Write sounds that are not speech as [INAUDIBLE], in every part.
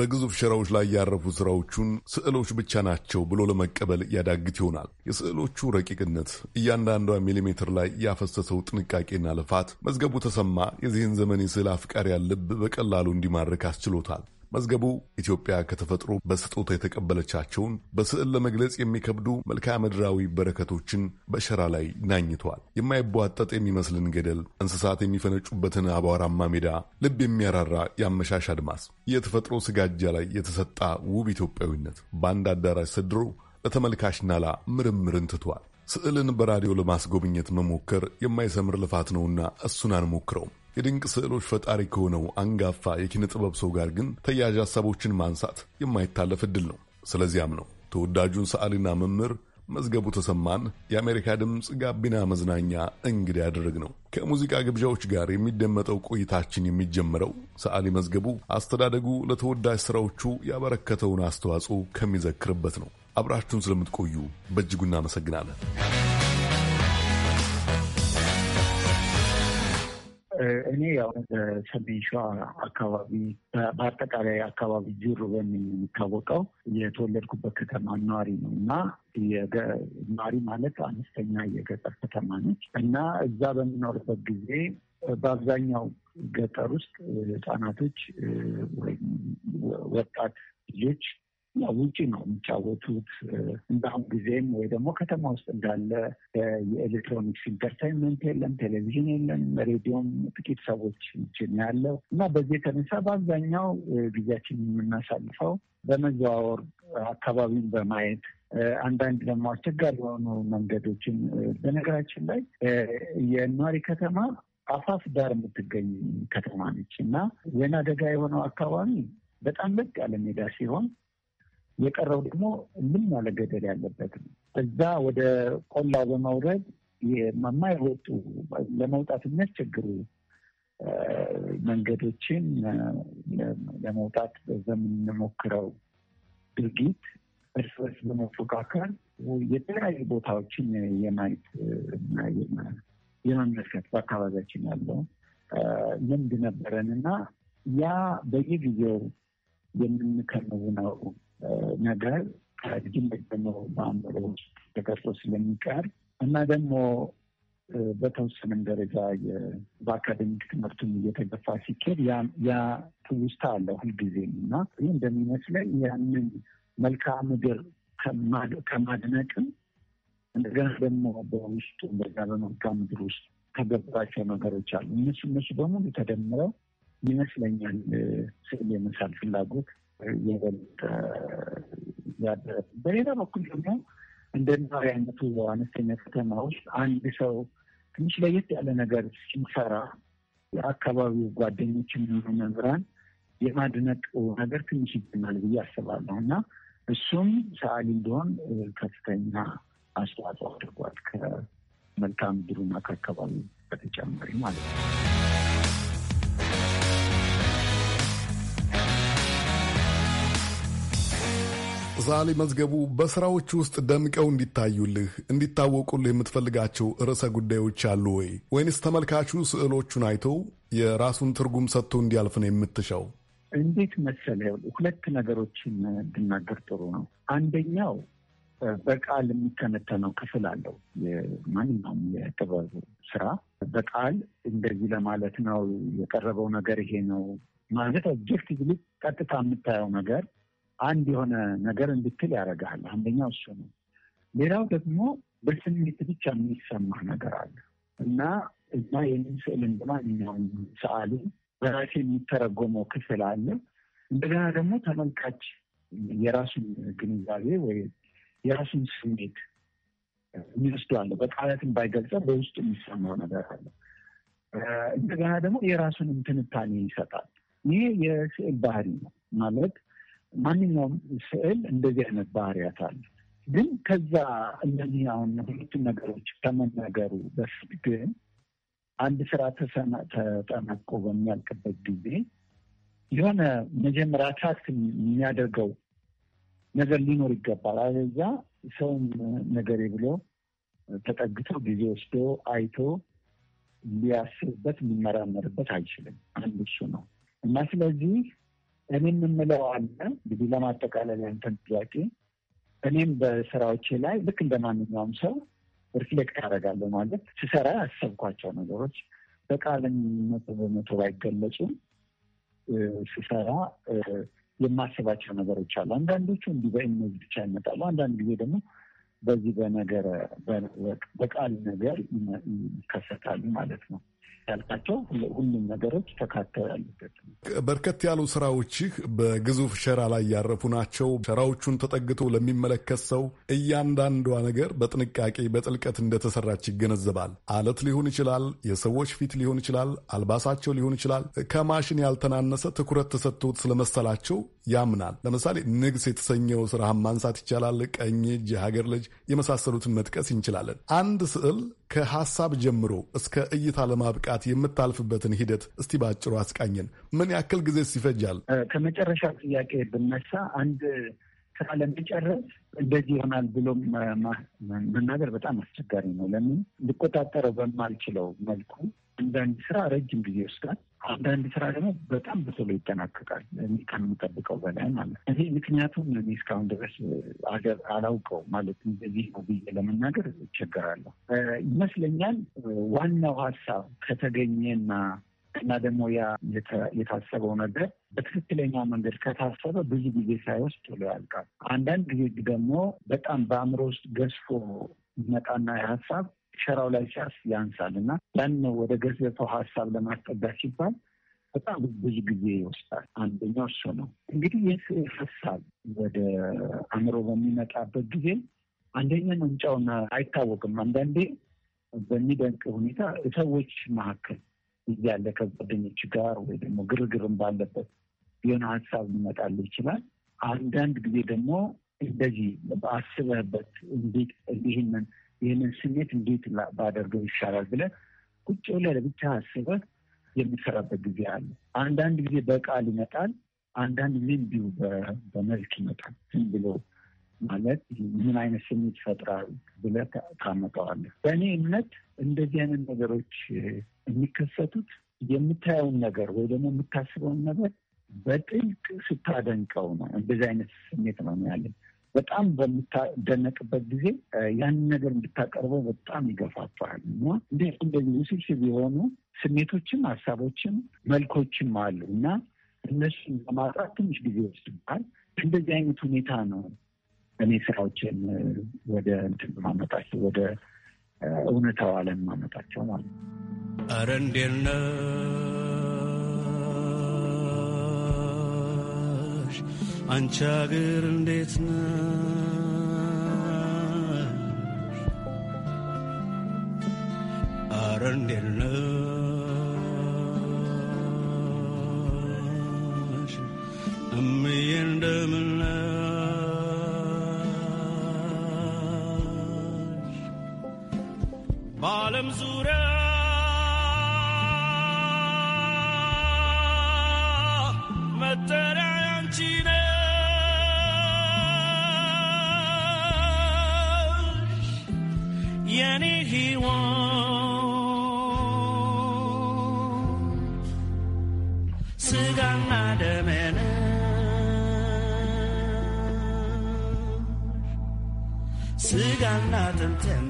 በግዙፍ ሸራዎች ላይ ያረፉ ስራዎቹን ስዕሎች ብቻ ናቸው ብሎ ለመቀበል ያዳግት ይሆናል። የስዕሎቹ ረቂቅነት፣ እያንዳንዷ ሚሊሜትር ላይ ያፈሰሰው ጥንቃቄና ልፋት መዝገቡ ተሰማ የዚህን ዘመን የስዕል አፍቃሪያን ልብ በቀላሉ እንዲማርክ አስችሎታል። መዝገቡ ኢትዮጵያ ከተፈጥሮ በስጦታ የተቀበለቻቸውን በስዕል ለመግለጽ የሚከብዱ መልክዓ ምድራዊ በረከቶችን በሸራ ላይ ናኝተዋል። የማይቧጠጥ የሚመስልን ገደል፣ እንስሳት የሚፈነጩበትን አቧራማ ሜዳ፣ ልብ የሚያራራ የአመሻሽ አድማስ፣ የተፈጥሮ ስጋጃ ላይ የተሰጣ ውብ ኢትዮጵያዊነት በአንድ አዳራሽ ሰድሮ ለተመልካች ናላ ምርምርን ትቷል። ስዕልን በራዲዮ ለማስጎብኘት መሞከር የማይሰምር ልፋት ነውና እሱን አንሞክረውም። የድንቅ ስዕሎች ፈጣሪ ከሆነው አንጋፋ የኪነ ጥበብ ሰው ጋር ግን ተያያዥ ሀሳቦችን ማንሳት የማይታለፍ እድል ነው። ስለዚያም ነው ተወዳጁን ሰዓሊና መምህር መዝገቡ ተሰማን የአሜሪካ ድምፅ ጋቢና መዝናኛ እንግዳ ያደረግ ነው። ከሙዚቃ ግብዣዎች ጋር የሚደመጠው ቆይታችን የሚጀምረው ሰዓሊ መዝገቡ አስተዳደጉ ለተወዳጅ ስራዎቹ ያበረከተውን አስተዋጽኦ ከሚዘክርበት ነው። አብራችሁን ስለምትቆዩ በእጅጉ እናመሰግናለን። እኔ ያው በሰሜን ሸዋ አካባቢ በአጠቃላይ አካባቢ ጅሩ በሚል የሚታወቀው የተወለድኩበት ከተማ ነዋሪ ነው እና ነዋሪ ማለት አነስተኛ የገጠር ከተማ ነች እና እዛ በምኖርበት ጊዜ በአብዛኛው ገጠር ውስጥ ህጻናቶች ወይም ወጣት ልጆች ውጭ ነው የሚጫወቱት። እንደአሁን ጊዜም ወይ ደግሞ ከተማ ውስጥ እንዳለ የኤሌክትሮኒክስ ኢንተርታይንመንት የለም፣ ቴሌቪዥን የለም፣ ሬዲዮም ጥቂት ሰዎች ችን ያለው እና በዚህ የተነሳ በአብዛኛው ጊዜያችን የምናሳልፈው በመዘዋወር አካባቢን በማየት አንዳንድ ደግሞ አስቸጋሪ የሆኑ መንገዶችን በነገራችን ላይ የኗሪ ከተማ አፋፍ ዳር የምትገኝ ከተማ ነች እና ወይን ደጋ የሆነው አካባቢ በጣም ለቅ ያለ ሜዳ ሲሆን የቀረው ደግሞ ልም ያለ ገደል ያለበት እዛ ወደ ቆላ በመውረድ የማይወጡ ለመውጣት የሚያስቸግሩ መንገዶችን ለመውጣት በምንሞክረው ድርጊት እርስ በርስ በመፎካከር የተለያዩ ቦታዎችን የማየት እና የመመልከት በአካባቢያችን ያለው ልምድ ነበረን እና ያ በየጊዜው የምንከምውነው ነገር ከልጅነት ጀምሮ በአእምሮ ውስጥ ስለሚቀር እና ደግሞ በተወሰነም ደረጃ በአካደሚክ ትምህርቱም እየተገፋ ሲኬድ ያ ትውስታ አለው ሁልጊዜም እና ይህ እንደሚመስለኝ ያንን መልክዓ ምድር ከማድነቅም እንደገና ደግሞ በውስጡ በዛ በመልክዓ ምድር ውስጥ ከገባቸው ነገሮች አሉ። እነሱ እነሱ በሙሉ ተደምረው ይመስለኛል ስዕል የመሳል ፍላጎት ይበልጥ ያደረግ። በሌላ በኩል ደግሞ እንደ ነዋሪ አይነቱ አነስተኛ ከተማዎች አንድ ሰው ትንሽ ለየት ያለ ነገር ሲሰራ የአካባቢው ጓደኞችን መምህራን የማድነቅ ነገር ትንሽ ይገናል ብዬ አስባለሁ እና እሱም ሰዓሊ እንደሆን ከፍተኛ አስተዋጽኦ አድርጓል። ከመልካም ድሩና ከአካባቢ በተጨማሪ ማለት ነው። ዛሌ መዝገቡ በስራዎች ውስጥ ደምቀው እንዲታዩልህ እንዲታወቁልህ የምትፈልጋቸው ርዕሰ ጉዳዮች አሉ ወይ? ወይንስ ተመልካቹ ስዕሎቹን አይቶ የራሱን ትርጉም ሰጥቶ እንዲያልፍ ነው የምትሻው? እንዴት መሰለህ፣ ሁለት ነገሮችን ብናገር ጥሩ ነው። አንደኛው በቃል የሚተነተነው ክፍል አለው። ማንኛውም የጥበብ ስራ በቃል እንደዚህ ለማለት ነው የቀረበው ነገር ይሄ ነው ማለት ኦብጀክቲቭ፣ ቀጥታ የምታየው ነገር አንድ የሆነ ነገር እንድትል ያደርግሃል። አንደኛው እሱ ነው። ሌላው ደግሞ በስሜት ብቻ የሚሰማ ነገር አለ እና እና ይህንን ስዕል እንደማንኛውም ሰአሉ በራሴ የሚተረጎመው ክፍል አለ። እንደገና ደግሞ ተመልካች የራሱን ግንዛቤ ወይ የራሱን ስሜት የሚወስዱ አለ። በቃላትን ባይገልጸ በውስጡ የሚሰማው ነገር አለ። እንደገና ደግሞ የራሱን ትንታኔ ይሰጣል። ይሄ የስዕል ባህሪ ነው ማለት ማንኛውም ስዕል እንደዚህ አይነት ባህሪያት አለ። ግን ከዛ እነዚህ አሁን ሁለቱም ነገሮች ከመናገሩ በፊት ግን አንድ ስራ ተጠናቆ በሚያልቅበት ጊዜ የሆነ መጀመሪያ ታክት የሚያደርገው ነገር ሊኖር ይገባል። አለዚያ ሰውም ነገሬ ብሎ ተጠግቶ ጊዜ ወስዶ አይቶ ሊያስብበት ሊመራመርበት አይችልም። አንድ እሱ ነው እና ስለዚህ እኔ የምምለው አለ እንግዲህ ለማጠቃለል ያንተን ጥያቄ እኔም በስራዎቼ ላይ ልክ እንደ ማንኛውም ሰው ሪፍሌክት አደርጋለሁ። ማለት ስሰራ ያሰብኳቸው ነገሮች በቃል መቶ በመቶ ባይገለጹም ስሰራ የማስባቸው ነገሮች አሉ። አንዳንዶቹ እንዲህ በኢሜጅ ብቻ ይመጣሉ። አንዳንድ ጊዜ ደግሞ በዚህ በነገር በቃል ነገር ይከሰታሉ ማለት ነው። ያልካቸው ሁሉም ነገሮች ተካተው ያሉበት በርከት ያሉ ስራዎችህ በግዙፍ ሸራ ላይ ያረፉ ናቸው። ሸራዎቹን ተጠግቶ ለሚመለከት ሰው እያንዳንዷ ነገር በጥንቃቄ በጥልቀት እንደተሰራች ይገነዘባል። አለት ሊሆን ይችላል፣ የሰዎች ፊት ሊሆን ይችላል፣ አልባሳቸው ሊሆን ይችላል። ከማሽን ያልተናነሰ ትኩረት ተሰጥቶት ስለመሰላቸው ያምናል። ለምሳሌ ንግስ የተሰኘው ስራህን ማንሳት ይቻላል። ቀኝ እጅ፣ የሀገር ልጅ የመሳሰሉትን መጥቀስ እንችላለን። አንድ ስዕል ከሀሳብ ጀምሮ እስከ እይታ ለማብቃት የምታልፍበትን ሂደት እስቲ ባጭሩ አስቃኝን። ምን ያክል ጊዜስ ይፈጃል? ከመጨረሻ ጥያቄ ብነሳ አንድ ስራ ለመጨረስ እንደዚህ ይሆናል ብሎ መናገር በጣም አስቸጋሪ ነው። ለምን ልቆጣጠረው በማልችለው መልኩ አንዳንድ ስራ ረጅም ጊዜ ይወስዳል። አንዳንድ ስራ ደግሞ በጣም በቶሎ ይጠናቀቃል ከምንጠብቀው በላይ ማለት ነው። እዚህ ምክንያቱም እዚህ እስካሁን ድረስ አገር አላውቀው ማለት እንደዚህ ነው ብዬ ለመናገር እቸገራለሁ። ይመስለኛል ዋናው ሀሳብ ከተገኘና እና ደግሞ ያ የታሰበው ነገር በትክክለኛ መንገድ ከታሰበ ብዙ ጊዜ ሳይወስድ ቶሎ ያልቃል። አንዳንድ ጊዜ ደግሞ በጣም በአእምሮ ውስጥ ገዝፎ ይመጣና የሀሳብ ሸራው ላይ ሲያርስ ያንሳል እና ያን ወደ ገዘፈው ሀሳብ ለማስጠጋት ሲባል በጣም ብዙ ጊዜ ይወስዳል። አንደኛው እሱ ነው። እንግዲህ የስዕል ሀሳብ ወደ አእምሮ በሚመጣበት ጊዜ አንደኛ ምንጫውን አይታወቅም። አንዳንዴ በሚደንቅ ሁኔታ ሰዎች መካከል እያለ ከጓደኞች ጋር ወይ ደግሞ ግርግርም ባለበት የሆነ ሀሳብ ሊመጣል ይችላል። አንዳንድ ጊዜ ደግሞ እንደዚህ በአስበህበት እንዴት ይህንን ይህንን ስሜት እንዴት ባደርገው ይሻላል ብለህ ቁጭ ብለህ ለብቻ አስበህ የሚሰራበት ጊዜ አለ። አንዳንድ ጊዜ በቃል ይመጣል፣ አንዳንድ ጊዜ እንዲሁ በመልክ ይመጣል። ዝም ብሎ ማለት ምን አይነት ስሜት ይፈጥራል ብለህ ታመጣዋለህ። በእኔ እምነት እንደዚህ አይነት ነገሮች የሚከሰቱት የምታየውን ነገር ወይ ደግሞ የምታስበውን ነገር በጥልቅ ስታደንቀው ነው። እንደዚህ አይነት ስሜት ነው ያለን። በጣም በምታደነቅበት ጊዜ ያንን ነገር እንድታቀርበው በጣም ይገፋፋል እና እንደዚህ ውስብስብ የሆኑ ስሜቶችም ሀሳቦችም መልኮችም አሉ እና እነሱን ለማጥራት ትንሽ ጊዜ ይወስድብሃል። እንደዚህ አይነት ሁኔታ ነው እኔ ስራዎችን ወደ እንትን ማመጣቸው ወደ እውነታው ዓለም ማመጣቸው ማለት ነው። ኧረ እንዴት ነው አንቺ አገር እንዴት ነሽ? አረ እንዴት ነሽ? ስጋና ደሜን ስጋና አጥንቴም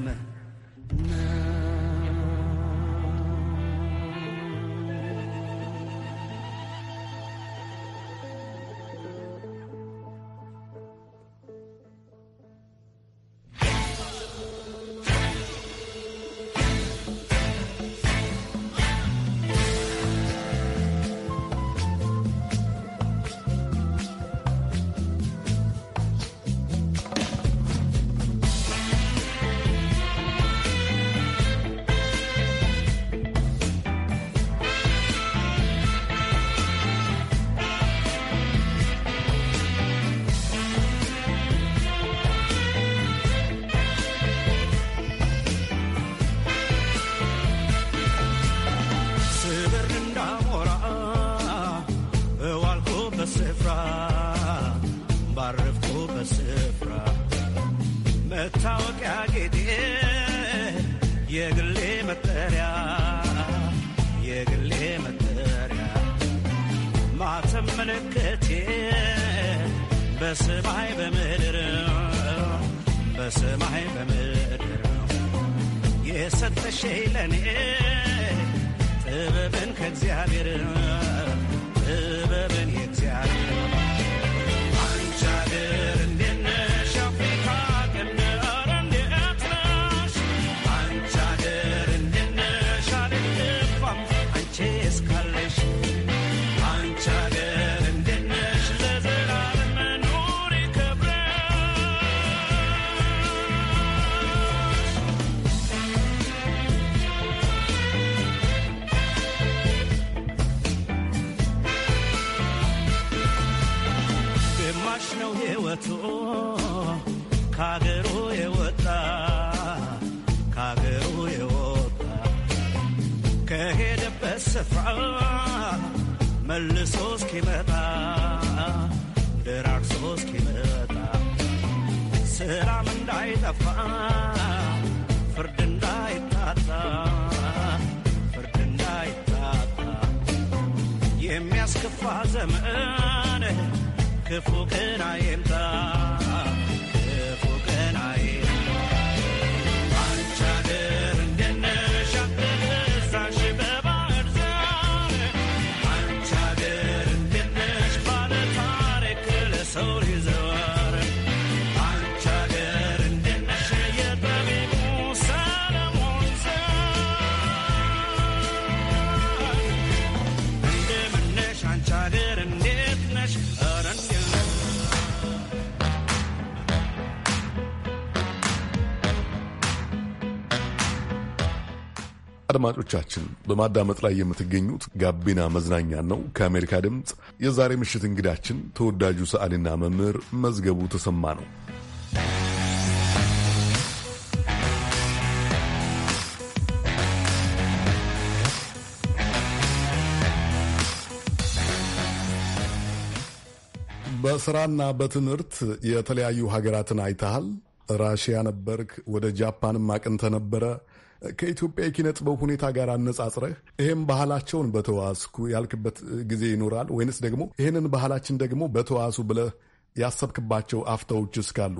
መታወቂያ ጌጤ የግሌ መጠሪያ የግሌ መጠሪያ ማተም ምልክቴ በሰማይ በምድር በሰማይ በምድር የሰጠሽኝ ለኔ ጥበብን ከእግዚአብሔር ጥበብን የእግዚአብሔር መቶ ከአገሩ የወጣ ከአገሩ የወጣ ከሄደበት ስፍራ መልሶ እስኪመጣ ደራርሶ እስኪመጣ ሰላም እንዳይጠፋ ፍርድ እንዳይታጣ ፍርድ እንዳይታጣ የሚያስከፋ ዘመን ክፉ ክን አይምጣ አድማጮቻችን በማዳመጥ ላይ የምትገኙት ጋቢና መዝናኛ ነው ከአሜሪካ ድምፅ። የዛሬ ምሽት እንግዳችን ተወዳጁ ሰዓሊና መምህር መዝገቡ ተሰማ ነው። በስራና በትምህርት የተለያዩ ሀገራትን አይተሃል። ራሽያ ነበርክ፣ ወደ ጃፓንም አቅንተ ነበረ። ከኢትዮጵያ የኪነ ጥበብ ሁኔታ ጋር አነጻጽረህ ይህም ባህላቸውን በተዋስኩ ያልክበት ጊዜ ይኖራል ወይንስ ደግሞ ይህንን ባህላችን ደግሞ በተዋሱ ብለህ ያሰብክባቸው አፍታዎች እስካሉ?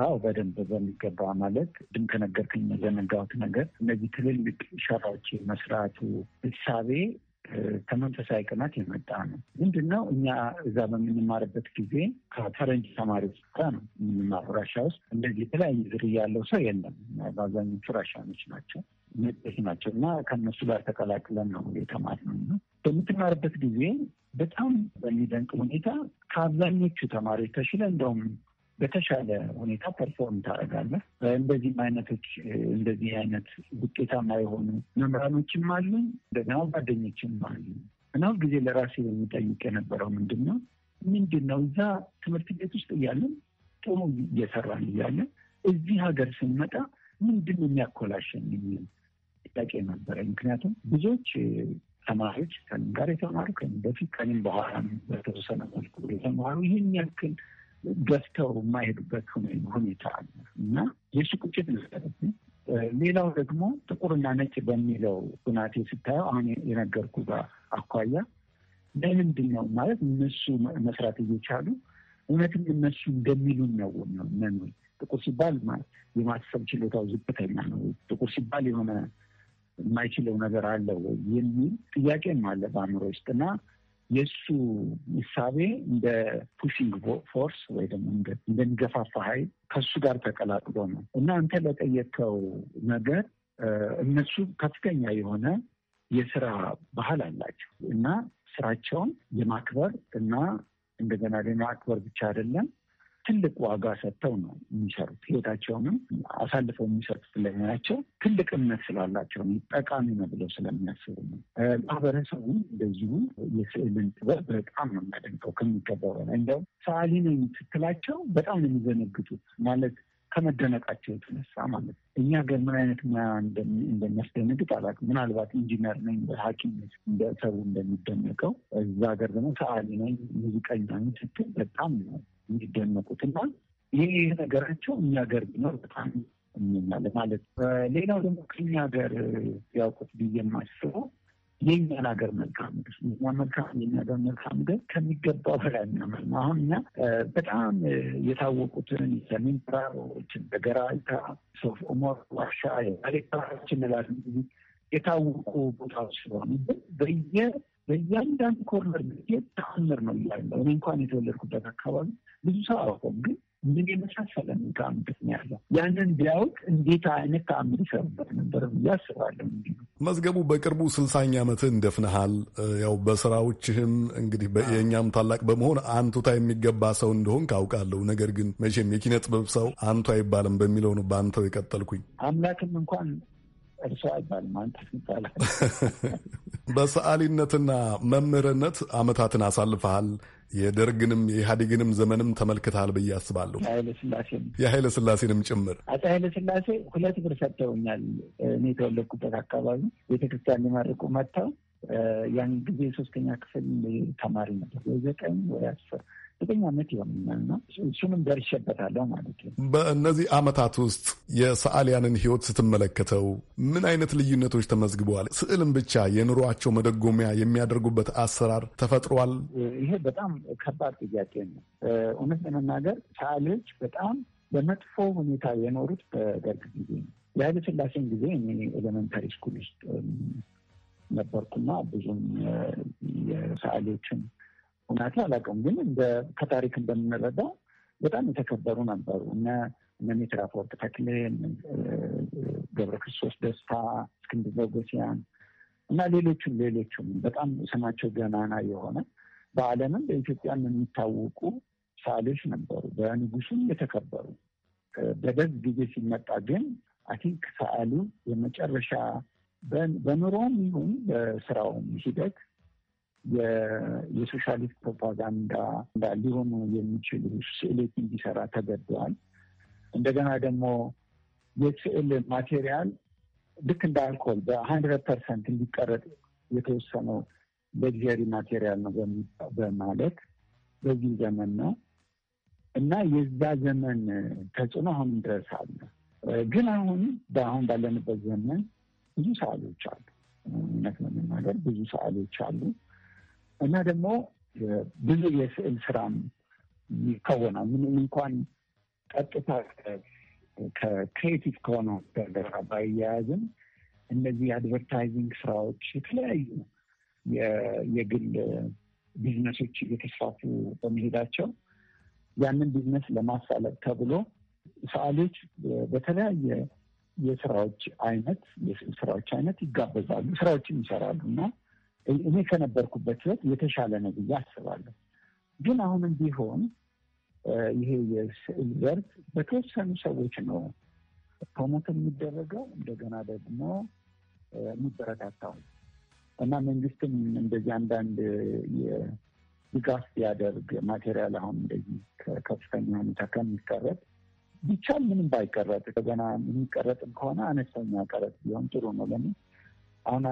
አዎ በደንብ በሚገባ ማለት ድም ከነገርክኝ የዘነጋሁት ነገር እነዚህ ትልልቅ ሸራዎች መስራቱ እሳቤ ከመንፈሳዊ ቅናት የመጣ ነው። ምንድን ነው እኛ እዛ በምንማርበት ጊዜ ከፈረንጅ ተማሪዎች ጋር ነው የምንማሩ። ራሻ ውስጥ እንደዚህ የተለያየ ዝርያ ያለው ሰው የለም። በአብዛኞቹ ራሻኖች ናቸው ነጮች ናቸው እና ከነሱ ጋር ተቀላቅለን ነው የተማርነው እና በምትማርበት ጊዜ በጣም በሚደንቅ ሁኔታ ከአብዛኞቹ ተማሪዎች ተሽለ እንደውም በተሻለ ሁኔታ ፐርፎርም ታደርጋለህ። እንደዚህም አይነቶች እንደዚህ አይነት ውጤታማ የሆኑ መምህራኖችም አሉ፣ እንደገና ጓደኞችም አሉ። እና ሁልጊዜ ለራሴ የሚጠይቅ የነበረው ምንድን ነው ምንድን ነው እዛ ትምህርት ቤት ውስጥ እያለን ጥሩ እየሰራን እያለን እዚህ ሀገር ስንመጣ ምንድን የሚያኮላሸን የሚል ጥያቄ ነበረኝ። ምክንያቱም ብዙዎች ተማሪዎች ከኔም ጋር የተማሩ ከኔም በፊት ከኔም በኋላ በተወሰነ መልኩ የተማሩ ይህን ያክል ገፍተው የማይሄዱበት ሁኔታ አለ እና የሱ ቁጭት ሌላው ደግሞ ጥቁርና ነጭ በሚለው ሁናቴ ስታየው አሁን የነገርኩ አኳያ ለምንድን ነው ማለት እነሱ መስራት እየቻሉ እውነትም እነሱ እንደሚሉን ነው ነው ጥቁር ሲባል የማሰብ ችሎታው ዝቅተኛ ነው፣ ጥቁር ሲባል የሆነ የማይችለው ነገር አለው የሚል ጥያቄም አለ በአእምሮ ውስጥ እና የእሱ እሳቤ እንደ ፑሽንግ ፎርስ ወይ ደግሞ እንደሚገፋፋ ኃይል ከሱ ጋር ተቀላቅሎ ነው እና አንተ ለጠየቀው ነገር እነሱ ከፍተኛ የሆነ የስራ ባህል አላቸው እና ስራቸውን የማክበር እና እንደገና ደግሞ ብቻ አይደለም ትልቅ ዋጋ ሰጥተው ነው የሚሰሩት። ህይወታቸውንም አሳልፈው የሚሰጡት ስለሚያቸው ትልቅ እምነት ስላላቸው ነው፣ ጠቃሚ ነው ብለው ስለሚያስቡ ነው። ማህበረሰቡ እንደዚሁ የስዕልን ጥበብ በጣም ነው የሚያደንቀው ከሚገባው በላይ። እንደውም ሰዓሊ ነኝ ስትላቸው በጣም ነው የሚዘነግጡት ማለት ከመደነቃቸው የተነሳ ማለት ነው። እኛ ግን ምን አይነት ሙያ እንደሚያስደነግጥ አላውቅም። ምናልባት ኢንጂነር ነኝ ሐኪም እንደሰቡ እንደሚደነቀው እዛ ሀገር ደግሞ ሰዓሊ ነኝ ሙዚቀኛ ስትል በጣም ነው የሚደነቁት እና ይህ ይህ ነገራቸው እኛ ገር ቢኖር በጣም እኛለ ማለት ሌላው ደግሞ ከኛ ሀገር ያውቁት ብዬ የማስበው የእኛን ሀገር መልካም ምድር መልካም መልክዓ የኛ ሀገር መልክዓ ምድር ከሚገባው በላይ የሚያምር ነው። አሁን እኛ በጣም የታወቁትን የሰሜን ተራሮችን በገራልታ ሶፍ ኦሞር ዋሻ የባሌ ተራሮች እንላለን። የታወቁ ቦታዎች ስለሆኑ በየ በእያንዳንዱ ኮርነር ግዜ ተአምር ነው ያለው። እኔ እንኳን የተወለድኩበት አካባቢ ብዙ ሰው አውቆም ግን ምን የመሳሰለ መልክዓ ያለው። ያንን ቢያውቅ እንዴት አይነት ተአምር ይሰሩበት ነበር ብዬ አስባለሁ። መዝገቡ በቅርቡ ስልሳኛ ዓመትህን ደፍነሃል። ያው በስራዎችህም እንግዲህ የእኛም ታላቅ በመሆን አንቱታ የሚገባ ሰው እንደሆን ካውቃለሁ። ነገር ግን መቼም የኪነ ጥበብ ሰው አንቱ አይባልም በሚለው ነው በአንተው የቀጠልኩኝ። አምላክም እንኳን እሱ አይባልም ይባላል። [LAUGHS] በሰዓሊነትና መምህርነት አመታትን አሳልፈሃል። የደርግንም የኢህአዴግንም ዘመንም ተመልክተሃል ብዬ አስባለሁ። የኃይለ ስላሴንም ጭምር አፄ ኃይለስላሴ ሁለት ብር ሰጥተውኛል። እኔ የተወለድኩበት አካባቢ ቤተክርስቲያን ሊመርቁ መጥተው ያን ጊዜ ሶስተኛ ክፍል ተማሪ ነበር ወይ ዘጠኝ ወይ አስር ከፍተኛ ምት ይሆንኛል እና እሱንም ደርሼበታለሁ ማለት ነው። በእነዚህ ዓመታት ውስጥ የሰዓሊያንን ህይወት ስትመለከተው ምን አይነት ልዩነቶች ተመዝግበዋል? ስዕልም ብቻ የኑሯቸው መደጎሚያ የሚያደርጉበት አሰራር ተፈጥሯል? ይሄ በጣም ከባድ ጥያቄ ነው። እውነት ለመናገር ሰዓሊዎች በጣም በመጥፎ ሁኔታ የኖሩት በደርግ ጊዜ ነው። የኃይለ ስላሴን ጊዜ እኔ ኤሌመንታሪ ስኩል ውስጥ ነበርኩና ብዙም የሰዓሊዎችን እውነት አላውቅም፣ ግን ከታሪክ እንደምንረዳው በጣም የተከበሩ ነበሩ እነ ሚትራ አፈወርቅ ተክሌ፣ ገብረ ክርስቶስ ደስታ፣ እስክንድር ቦጎሲያን እና ሌሎችም ሌሎችም በጣም ስማቸው ገናና የሆነ በዓለምም በኢትዮጵያም የሚታወቁ ሳሌዎች ነበሩ። በንጉሱም የተከበሩ በደርግ ጊዜ ሲመጣ ግን አይ ቲንክ ሰዓሊ የመጨረሻ በኑሮም ይሁን በስራውም ሂደት የሶሻሊስት ፕሮፓጋንዳ ሊሆኑ የሚችሉ ስዕሎች እንዲሰራ ተገደዋል። እንደገና ደግሞ የስዕል ማቴሪያል ልክ እንደ አልኮል በሀንድረድ ፐርሰንት እንዲቀረጥ የተወሰነው ለግዘሪ ማቴሪያል ነው በማለት በዚህ ዘመን ነው እና የዛ ዘመን ተጽዕኖ አሁንም ድረስ አለ። ግን አሁን በአሁን ባለንበት ዘመን ብዙ ሰዓሎች አሉ። እውነት ለመናገር ብዙ ሰዓሎች አሉ። እና ደግሞ ብዙ የስዕል ስራም ይከወናል። ምንም እንኳን ቀጥታ ከክሬቲቭ ከሆነ ጋር ባያያዝም እነዚህ የአድቨርታይዚንግ ስራዎች የተለያዩ የግል ቢዝነሶች እየተስፋፉ በመሄዳቸው ያንን ቢዝነስ ለማሳለጥ ተብሎ ሰዓሊዎች በተለያየ የስራዎች አይነት ስራዎች አይነት ይጋበዛሉ፣ ስራዎችን ይሰራሉ እና እኔ ከነበርኩበት ህይወት የተሻለ ነው ብዬ አስባለሁ። ግን አሁንም ቢሆን ይሄ የስዕል ዘርፍ በተወሰኑ ሰዎች ነው ፕሮሞት የሚደረገው፣ እንደገና ደግሞ የሚበረታታው እና መንግስትም እንደዚህ አንዳንድ ድጋፍ ያደርግ ማቴሪያል አሁን እንደዚህ ከከፍተኛ ሁኔታ ከሚቀረጥ ቢቻል ምንም ባይቀረጥ እንደገና የሚቀረጥም ከሆነ አነስተኛ ቀረጥ ቢሆን ጥሩ ነው ለምን አሁን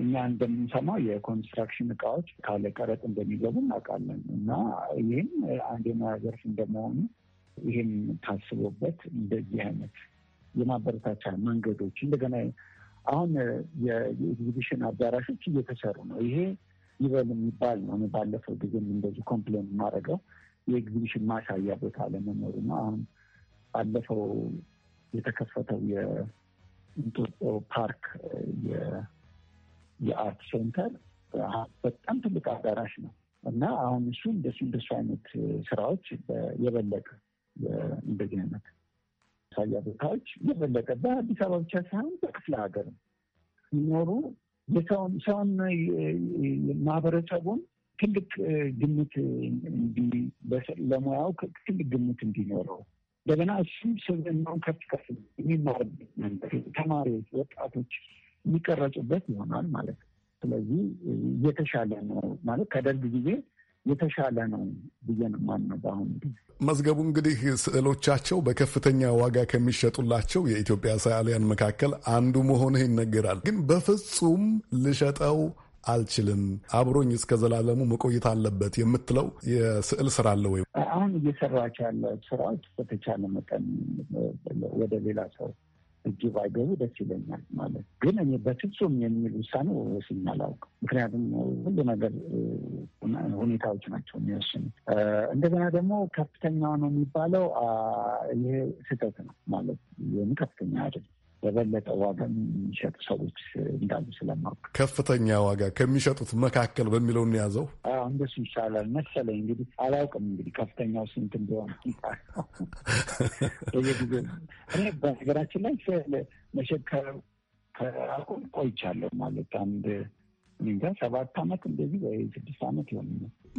እኛ እንደምንሰማው የኮንስትራክሽን እቃዎች ካለ ቀረጥ እንደሚገቡ እናውቃለን እና ይህም አንድ የሙያ ዘርፍ እንደመሆኑ ይህም ታስቦበት እንደዚህ አይነት የማበረታቻ መንገዶች እንደገና አሁን የኤግዚቢሽን አዳራሾች እየተሰሩ ነው። ይሄ ይበል የሚባል ነው። ባለፈው ጊዜም እንደዚህ ኮምፕሌን የማደርገው የኤግዚቢሽን ማሳያ ቦታ አለመኖሩ ነው። አሁን ባለፈው የተከፈተው እንጦጦ ፓርክ የአርት ሴንተር በጣም ትልቅ አዳራሽ ነው እና አሁን እሱ እንደሱ እንደሱ አይነት ስራዎች የበለጠ እንደዚህ አይነት ሳያ ቦታዎች የበለጠ በአዲስ አበባ ብቻ ሳይሆን በክፍለ ሀገር ሲኖሩ የሰውን ሰውን ማህበረሰቡን ትልቅ ግምት ለሙያው ትልቅ ግምት እንዲኖረው እንደገና እሱም ስብዕናውን ከፍ ከፍ የሚማርበት መንገድ ተማሪዎች፣ ወጣቶች የሚቀረጹበት ይሆናል ማለት ነው። ስለዚህ የተሻለ ነው ማለት ከደርግ ጊዜ የተሻለ ነው ብዬ ነው የማምነው። በአሁኑ ጊዜ መዝገቡ እንግዲህ ስዕሎቻቸው በከፍተኛ ዋጋ ከሚሸጡላቸው የኢትዮጵያ ሰዓሊያን መካከል አንዱ መሆንህ ይነገራል። ግን በፍጹም ልሸጠው አልችልም፣ አብሮኝ እስከ ዘላለሙ መቆየት አለበት የምትለው የስዕል ስራ አለ ወይ? አሁን እየሰራች ያለ ስራዎች በተቻለ መጠን ወደ ሌላ ሰው እጅ ባይገቡ ደስ ይለኛል። ማለት ግን እኔ በፍጹም የሚል ውሳኔ ወስኜ አላውቅም። ምክንያቱም ሁሉ ነገር ሁኔታዎች ናቸው የሚወስኑት። እንደገና ደግሞ ከፍተኛ ነው የሚባለው ይሄ ስህተት ነው ማለት ይህም ከፍተኛ አይደለም። የበለጠ ዋጋ የሚሸጡ ሰዎች እንዳሉ ስለማውቅ ከፍተኛ ዋጋ ከሚሸጡት መካከል በሚለው እንያዘው። እንደሱ ይሻላል መሰለኝ። እንግዲህ አላውቅም። እንግዲህ ከፍተኛው ስንት እንደሆነ በየጊዜው በነገራችን ላይ መሸከም ከአቁም ቆይቻለሁ ማለት አንድ እንጃ ሰባት ዓመት እንደዚህ ወይ ስድስት ዓመት ይሆን።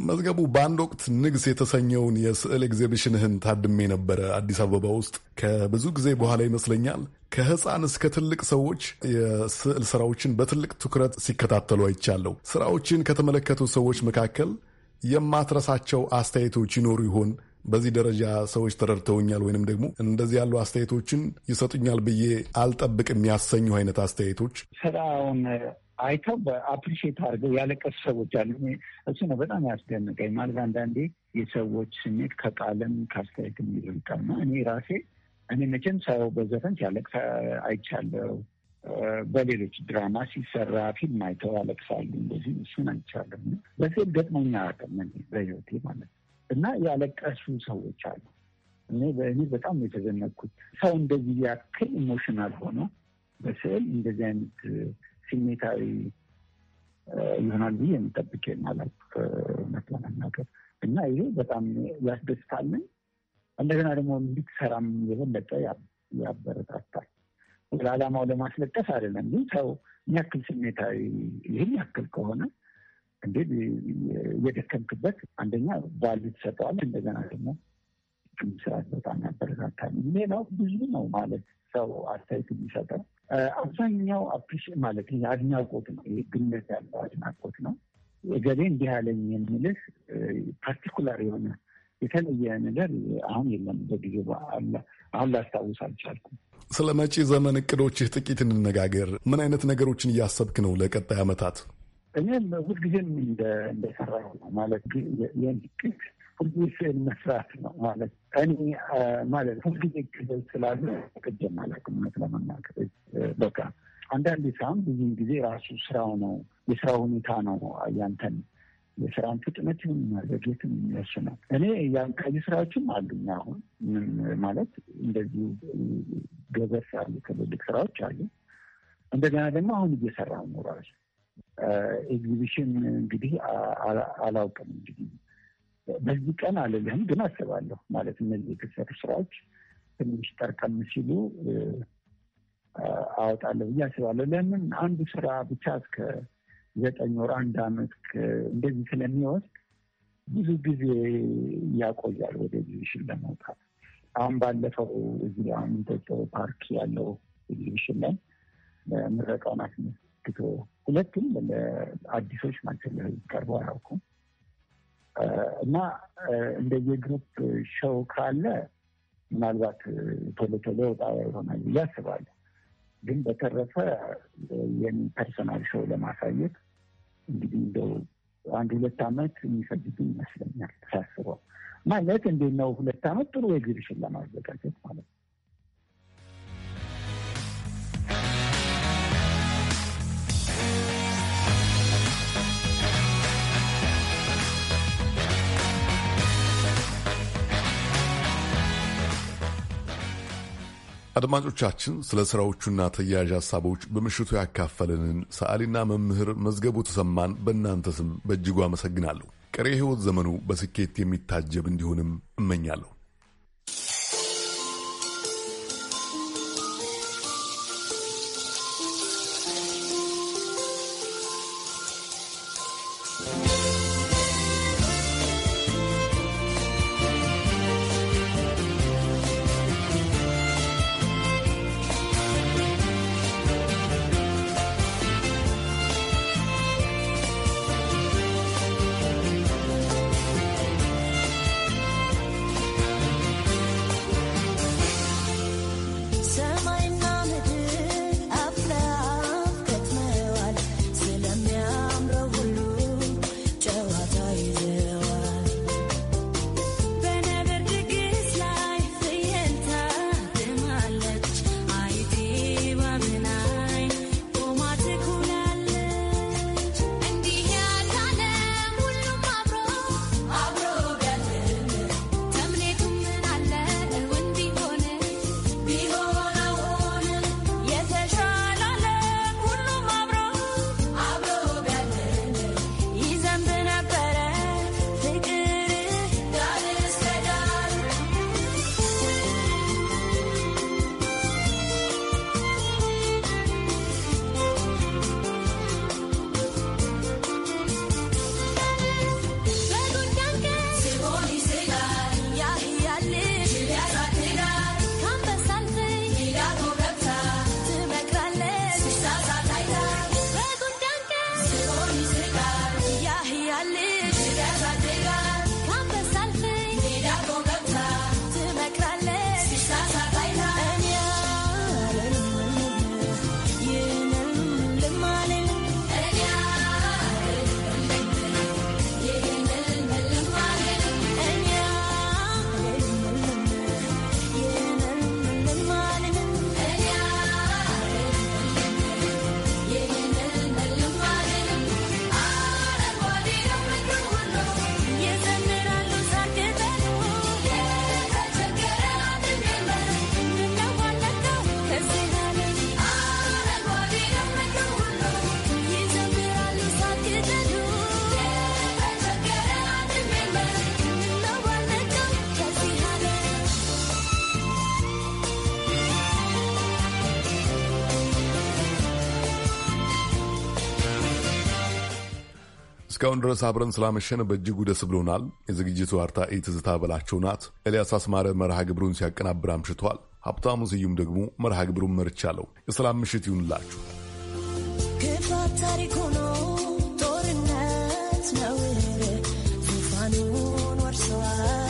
መዝገቡ በአንድ ወቅት ንግስ የተሰኘውን የስዕል ኤግዚቢሽንህን ታድሜ ነበረ አዲስ አበባ ውስጥ ከብዙ ጊዜ በኋላ ይመስለኛል። ከህፃን እስከ ትልቅ ሰዎች የስዕል ስራዎችን በትልቅ ትኩረት ሲከታተሉ አይቻለሁ። ስራዎችን ከተመለከቱ ሰዎች መካከል የማትረሳቸው አስተያየቶች ይኖሩ ይሆን? በዚህ ደረጃ ሰዎች ተረድተውኛል ወይንም ደግሞ እንደዚህ ያሉ አስተያየቶችን ይሰጡኛል ብዬ አልጠብቅም ያሰኙ አይነት አስተያየቶች ስራውን አይተው አፕሪሼት አድርገው ያለቀሱ ሰዎች አሉ። እሱ ነው በጣም ያስደንቀኝ። ማለት አንዳንዴ የሰዎች ስሜት ከቃለም ካስተያየትም ይበልጣል ነው። እኔ ራሴ እኔ መቼም ሰው በዘፈን ሲያለቅስ አይቻለው። በሌሎች ድራማ ሲሰራ ፊልም አይተው ያለቅሳሉ። እንደዚህ እሱን አይቻለሁ። በፊልም ገጥሞኛ አያውቅም በህይወቴ ማለት እና ያለቀሱ ሰዎች አሉ። እኔ በጣም የተዘነኩት ሰው እንደዚህ ያክል ኢሞሽናል ሆኖ በስዕል እንደዚህ አይነት ስሜታዊ ይሆናል ብዬ የሚጠብቅ ማላት እውነት እና ይሄ በጣም ያስደስታልን። እንደገና ደግሞ እንድትሰራም የበለጠ ያበረታታል። ለዓላማው ለማስለጠፍ አይደለም ግን ሰው የሚያክል ስሜታዊ ይህን ያክል ከሆነ እንዴት እየደከምክበት አንደኛ ባሉ ትሰጠዋል። እንደገና ደግሞ ስራት በጣም ያበረታታል። ሌላው ብዙ ነው ማለት ሰው አስተያየት የሚሰጠው አብዛኛው አፕሪሽ ማለት አድናቆት ነው። ግነት ያለው አድናቆት ነው። እገሌ እንዲህ ያለኝ የሚልህ ፓርቲኩላር የሆነ የተለየ ነገር አሁን የለም። በጊዜ አለ አሁን ላስታውስ አልቻልኩም። ስለ መጪ ዘመን እቅዶችህ ጥቂት እንነጋገር። ምን አይነት ነገሮችን እያሰብክ ነው ለቀጣይ ዓመታት? እኔም ሁልጊዜም እንደሰራሁ ነው ማለት የእቅድ ትንሽ መስራት ነው ማለት እኔ ማለት ሁልጊዜ ክበል ስላለ ቅጀም አላውቅም። እውነት ለመናገር በቃ አንዳንድ ሳም ብዙን ጊዜ ራሱ ስራው ነው የስራ ሁኔታ ነው ያንተን የስራን ፍጥነት ፍጥነትን ማዘግየትን ነው። እኔ የአንቃጅ ስራዎችም አሉኝ። አሁን ማለት እንደዚሁ ገበስ ያሉ ትልልቅ ስራዎች አሉ። እንደገና ደግሞ አሁን እየሰራ ነው ራሱ ኤግዚቢሽን እንግዲህ አላውቅም እንግዲህ በዚህ ቀን አልልህም፣ ግን አስባለሁ ማለት እነዚህ የተሰሩ ስራዎች ትንሽ ጠርቀም ሲሉ አወጣለሁ ብዬ አስባለሁ። ለምን አንዱ ስራ ብቻ እስከ ዘጠኝ ወር አንድ አመት እንደዚህ ስለሚወስድ ብዙ ጊዜ ያቆያል ወደ ኤግዚቢሽን ለመውጣት። አሁን ባለፈው እዚህ አሁን ኢንተጦ ፓርክ ያለው ኤግዚቢሽን ላይ ምረቃውን አስመልክቶ ሁለቱም ለአዲሶች ማለት ለህዝብ ቀርበው አያውቁም እና እንደየግሩፕ ሸው ካለ ምናልባት ቶሎ ቶሎ ጣቢያ ይሆናል ብዬ አስባለሁ። ግን በተረፈ የኔ ፐርሰናል ሾው ለማሳየት እንግዲህ እንደው አንድ ሁለት ዓመት የሚፈጅብኝ ይመስለኛል ሳስበው ማለት እንዴት ነው ሁለት ዓመት ጥሩ ኤግዚቢሽን ለማዘጋጀት ማለት ነው። አድማጮቻችን ስለ ስራዎቹና ተያያዥ ሀሳቦች በምሽቱ ያካፈለንን ሰዓሊና መምህር መዝገቡ ተሰማን በእናንተ ስም በእጅጉ አመሰግናለሁ። ቀሪ የሕይወት ዘመኑ በስኬት የሚታጀብ እንዲሆንም እመኛለሁ። እስካሁን ድረስ አብረን ስላመሸን በእጅጉ ደስ ብሎናል። የዝግጅቱ አርታኢ ትዝታ በላቸው ናት። ኤልያስ አስማረ መርሃ ግብሩን ሲያቀናብር አምሽቷል። ሀብታሙ ስዩም ደግሞ መርሃ ግብሩን መርቻለሁ። የሰላም ምሽት ይሁንላችሁ። ክፋት ታሪክ ሆኖ ጦርነት ነው ዙፋኑን ወርሰዋል።